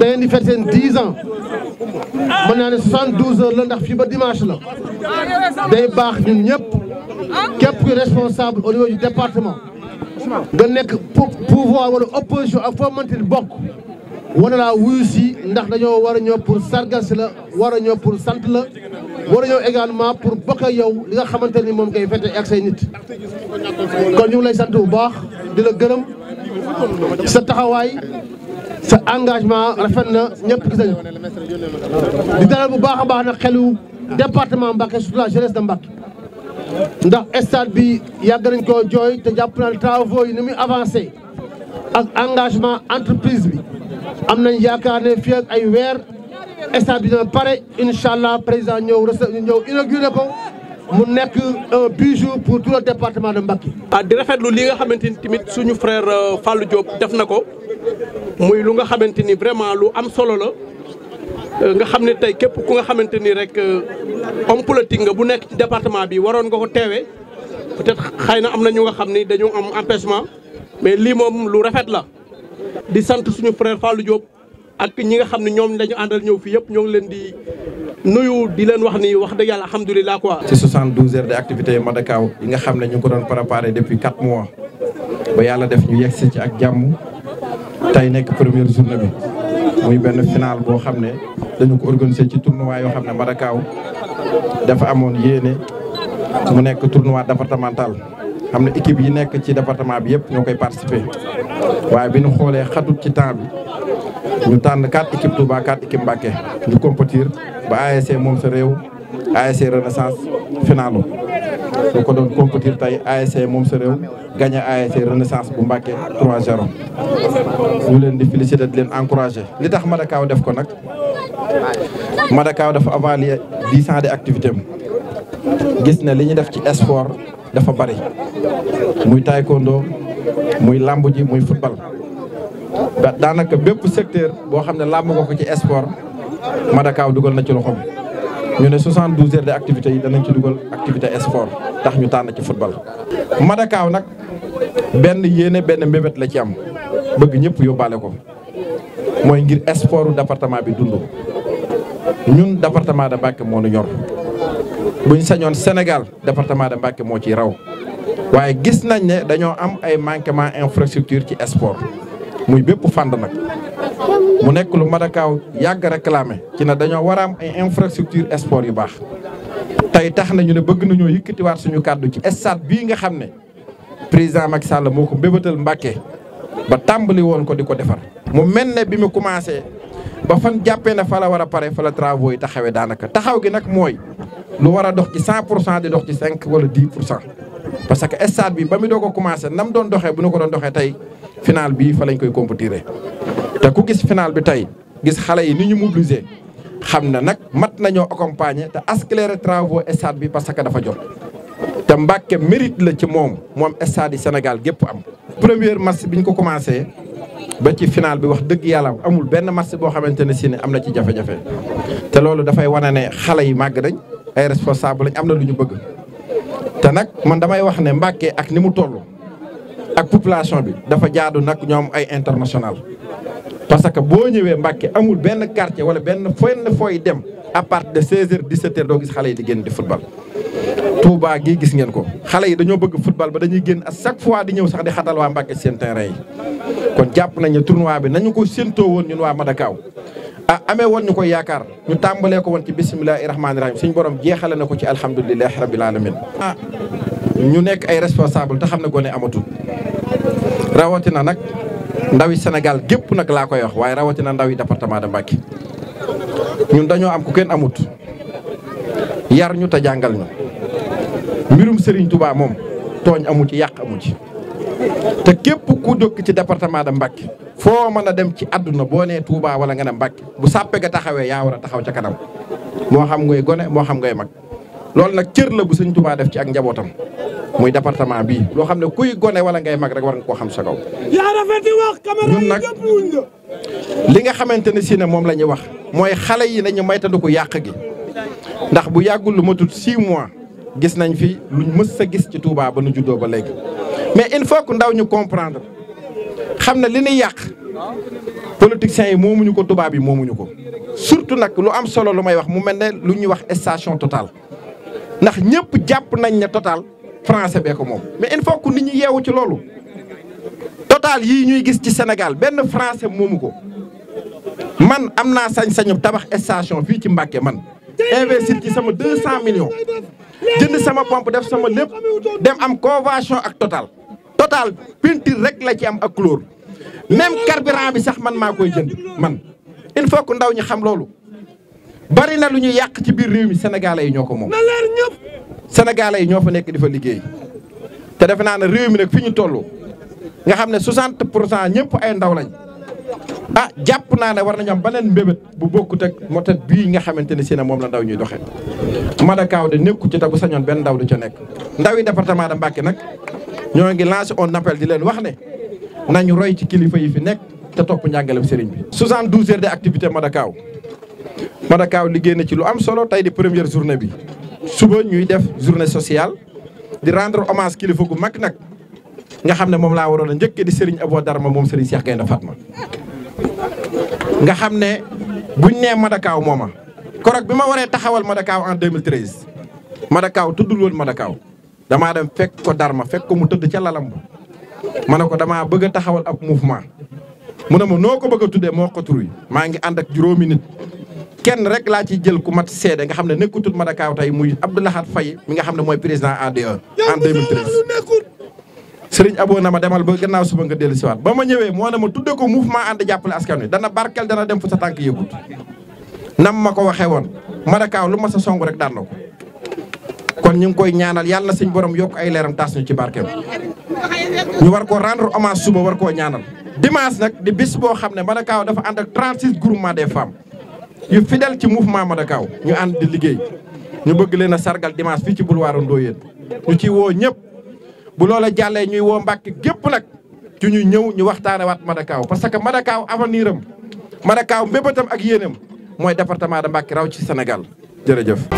da ngeen di fête seen 10 ans mën naa ne 72 heures la ndax fii ba dimanche la day baax ñun ñëpp képp ku responsable au du département ga nekk pouvoir wala opposition ak foo mënti bokk war na laa wuyu si ndax dañoo war a ñëw pour sargal si la war a ñëw pour sant la war a ñëw également pour bokk yow li nga xamante ni moom ngay fête ak say nit kon ñu ngi lay sant bu baax di la gërëm sa taxawaay sa engagement rafet na ñëpp gis nañu di dalal bu baax a baax nag xelu département Mbacké surtout la jeunesse de Mbacké ndax stade bi yàgg nañ koo jooy te jàpp naa travaux yi ni muy avancé ak engagement entreprise bi am nañ yaakaar ne fii ay weer stade bi dina pare incha président ñëw ñëw inauguré ko mu nekk un bijou pour tout le département de Mbacké. ah di rafetlu li nga xamante ni tamit suñu frère euh, Fallou Diop def na ko. muy lu nga xamante ni vraiment lu am solo la euh, nga xam ne tey képp ku nga xamante ni rek euh, homme politique nga bu nekk ci département bi waroon nga ko teewee peut-être xëy na am na ñu nga xam ni dañu am empêchement mais lii moom lu rafet la di sant suñu frère Fallou Diop ak ñi nga xam ni ñoom dañu àndal ñëw fii yëpp ñoo ngi leen di nuyu di leen wax ni wax dëgg yàlla alhamdulilah quoi. ci 72 heures de activité yu Madakaw yi nga xam ne ñu ngi ko doon préparé depuis 4 mois ba yàlla def ñu si ci ak jàmm. tey nekk première journée bi muy benn final boo xam ne dañu ko organiser ci tournoi yoo xam ne Madakaw dafa amoon yéene mu nekk tournoi départemental xam ne équipe yi nekk ci département bi yëpp ñoo koy participer waaye bi ñu xoolee xatut ci temps bi ñu tànn quatre équipes Touba quatre équipes Mbacké ñu compétir ba ASC moom sa réew ASC Renaissance finalu soo ko doon compétir tey ASC moom sa réew gagné ASC Renaissance bu Mbàkke 3-0 ñu leen di féliciter di leen encourager li tax Madakaw def ko nag Madakaw dafa avaler dix ans de activité gis ne li ñu def ci sport dafa bari muy taekwondo muy làmb ji muy football daanaka bépp secteur boo xam ne làmb ko ko ci sport Madakaw dugal na ci loxoom ñu ne 72 heures de activité yi danañ ci dugal activité sport tax ñu tànn ci football. Madakaw nag benn yéene benn mbébét la ci am bëgg ñëpp yóbbaale ko mooy ngir sportu département bi dund ñun département de Mbacké moo nu ñor buñ sañoon Sénégal département de Mbacké moo ciy raw waaye gis nañ ne dañoo am ay manquement infrastructure ci sport muy bépp fànn nag. mu nekk lu Madakaw yàgg réclamé ci ne dañoo war a am ay infrastructure sport yu baax tey tax nañu ne bëgg nañoo yëkkatiwaat suñu kàddu ci stade bii nga xam ne président mag Sall moo ko mbébatal Mbàkke ba tàmbali woon ko di ko defar mu mel ne bi mu commencé ba fan jàppee na fala war a pare fala la travaux yi taxawee daanaka taxaw gi nag mooy lu war a dox ci 100 pour cent di dox ci 5 wala 10 pour cent parce que stade bi ba mu doo ko commencé nam doon doxee bu ñu ko doon doxee tey final bii fa lañ koy compétiré te ku gis final bi tey gis xale yi ni ñu mobiliser xam na nag mat nañoo accompagner te accélérer travaux stade bi parce que dafa jot. te Mbacké mérite la ci moom moom stade yi Sénégal gépp am. premier match bi ñu ko commencé ba ci final bi wax dëgg yàlla amul benn match boo xamante ne si am na ci jafe-jafe te loolu dafay wane ne xale yi màgg nañ ay responsable lañ am na lu ñu bëgg te nag man damay wax ne Mbacké ak ni mu toll. ak population bi dafa jaadu nag ñoom ay international parce que boo ñëwee Mbàkke amul benn quartier wala benn fenn fooy dem à partir de 16h 17h doo gis xale yi di génn di football. Touba gi gis ngeen ko xale yi dañoo bëgg football ba dañuy génn à chaque fois di ñëw sax di xatal waa Mbàkke seen terrain yi kon jàpp nañ ne bi nañu ko séentoo woon ñun waa Madakaw. a ah amee woon ñu koy yaakaar ñu tàmbalee ko woon ci bisimilahi rahmaani rahim suñu borom jeexale na ko ci alhamdulilahi rabil alamin ah ñu nekk ay responsable te xam ne gone amatul rawatina nag ndawi Sénégal gépp nag laa koy wax waaye rawatina ndawi département de Mbacké ñun dañoo am ku kenn amut yar ñu te jàngal ñu mbirum Serigne tubaa moom tooñ amu ci yàq amu ci te képp ku dëkk ci département de Mbacké foo mën a dem ci àdduna boo nee Touba wala nga ne Mbacké bu sàppe nga taxawee yaa war a taxaw ca kanam moo xam ngay gone moo xam ngay mag loolu nag cër la bu sëñ tubaa def ci ak njabootam muy département bi loo xam ne kuy gone wala ngay mag rek war nga ko xam sa kaw. yaa rafeti wax caméra yi nag li nga xamante ne si ne moom la ñuy wax mooy xale yi nañu maytandiku yàq gi ndax bu yàggul lu matul 6 mois gis nañ fi luñ mës sa gis ci Touba ba nu juddoo ba léegi mais il faut que ndaw ñu comprendre xam ne li ñuy yàq politiciens yi moomuñu ko tubaab yi moomuñu ko surtout nag lu am solo lu may wax mu mel ne lu ñuy wax station Total ndax ñëpp jàpp nañ ne Total. français bee ko moom mais il faut que nit yeewu ci loolu total yii ñuy gis ci senegaal benn français moomu ko man am naa sañ-sañu tabax station fii ci Mbacké man investir ci sama 200 millions jënd sama pompe def sama lépp dem am convention ak total total peinture rek la ci am ak couleur même carburant bi sax man maa koy jënd man il faut que ndaw ñi xam loolu bari na lu ñu yàq ci biir réew mi yi ñoo ko moom. sénégalais yi ñoo fa nekk di fa liggéey te defe naa ne réew mi nag fi ñu toll nga xam ne 60 pour cent ñëpp ay ndaw lañ a ah, jàpp naa ne war nañu am beneen mbébét bu bokkut ak motet bii nga xamante ne si ne moom la ndaw ñuy doxee. Madakaw de ku ci te bu sañoon benn ndaw du ca nekk ndaw yi département de Mbacké nag ñoo ngi lancé un appel di leen wax ne nañu roy ci kilifa yi fi nekk te topp njàngalem sëriñ bi. 72 heures de activité Madakaw Madakaw liggéey na ci lu am solo tey di première journée bi. suba ñuy def journée sociale di rendre hommage kilifa gu mag nag nga xam ne moom laa waroon a njëkke di Serigne dara Darma moom Serigne Cheikh na Fatma nga xam ne buñ nee Madakaw mooma korog bi ma waree taxawal Madakaw en 2013 Madakaw tuddul woon Madakaw damaa dem fekk ko dara ma fekk ko mu tëdd ca lalam ma ne ko damaa bëgg taxawal ab mouvement mu ne ma noo ko bëgg a tuddee moo ko maa ngi ànd ak juróomi nit kenn rek laa ci jël ku mat seede nga xam ne nekkutul Madakaw tey muy Abdou Lahad Faye mi nga xam ne mooy président ADE en 2013 sëriñ Abo na ma demal ba gannaaw suba nga dellu siwaat ba ma ñëwee moo ne ma tudde ko mouvement ànd jàppale askan wi dana barkel dana dem fu sa tànk yëgut nam ma ko waxee woon Madakaw lu ma sa song rek daan ko kon ñu ngi koy ñaanal yàlla na suñ borom yokk ay leeram taas ñu ci barkeem ñu war koo rendre hommage suba war koo ñaanal dimanche nag di boo xam ne Madakaw dafa ànd ak 36 des femmes yu fidèle ci mouvement Madakaw ñu ànd di liggéey ñu bëgg leen a sargal dimanche fii ci boulevard Ndoyeen ñu ciy woo ñëpp bu loola jàllee ñuy woo Mbàkke gépp nag ci ñu ñëw ñu waxtaane waat Madakaw parce que Madakaw avenir am Madakaw mbébétam ak yéenam mooy département de Mbàkke raw ci senegal jërëjëf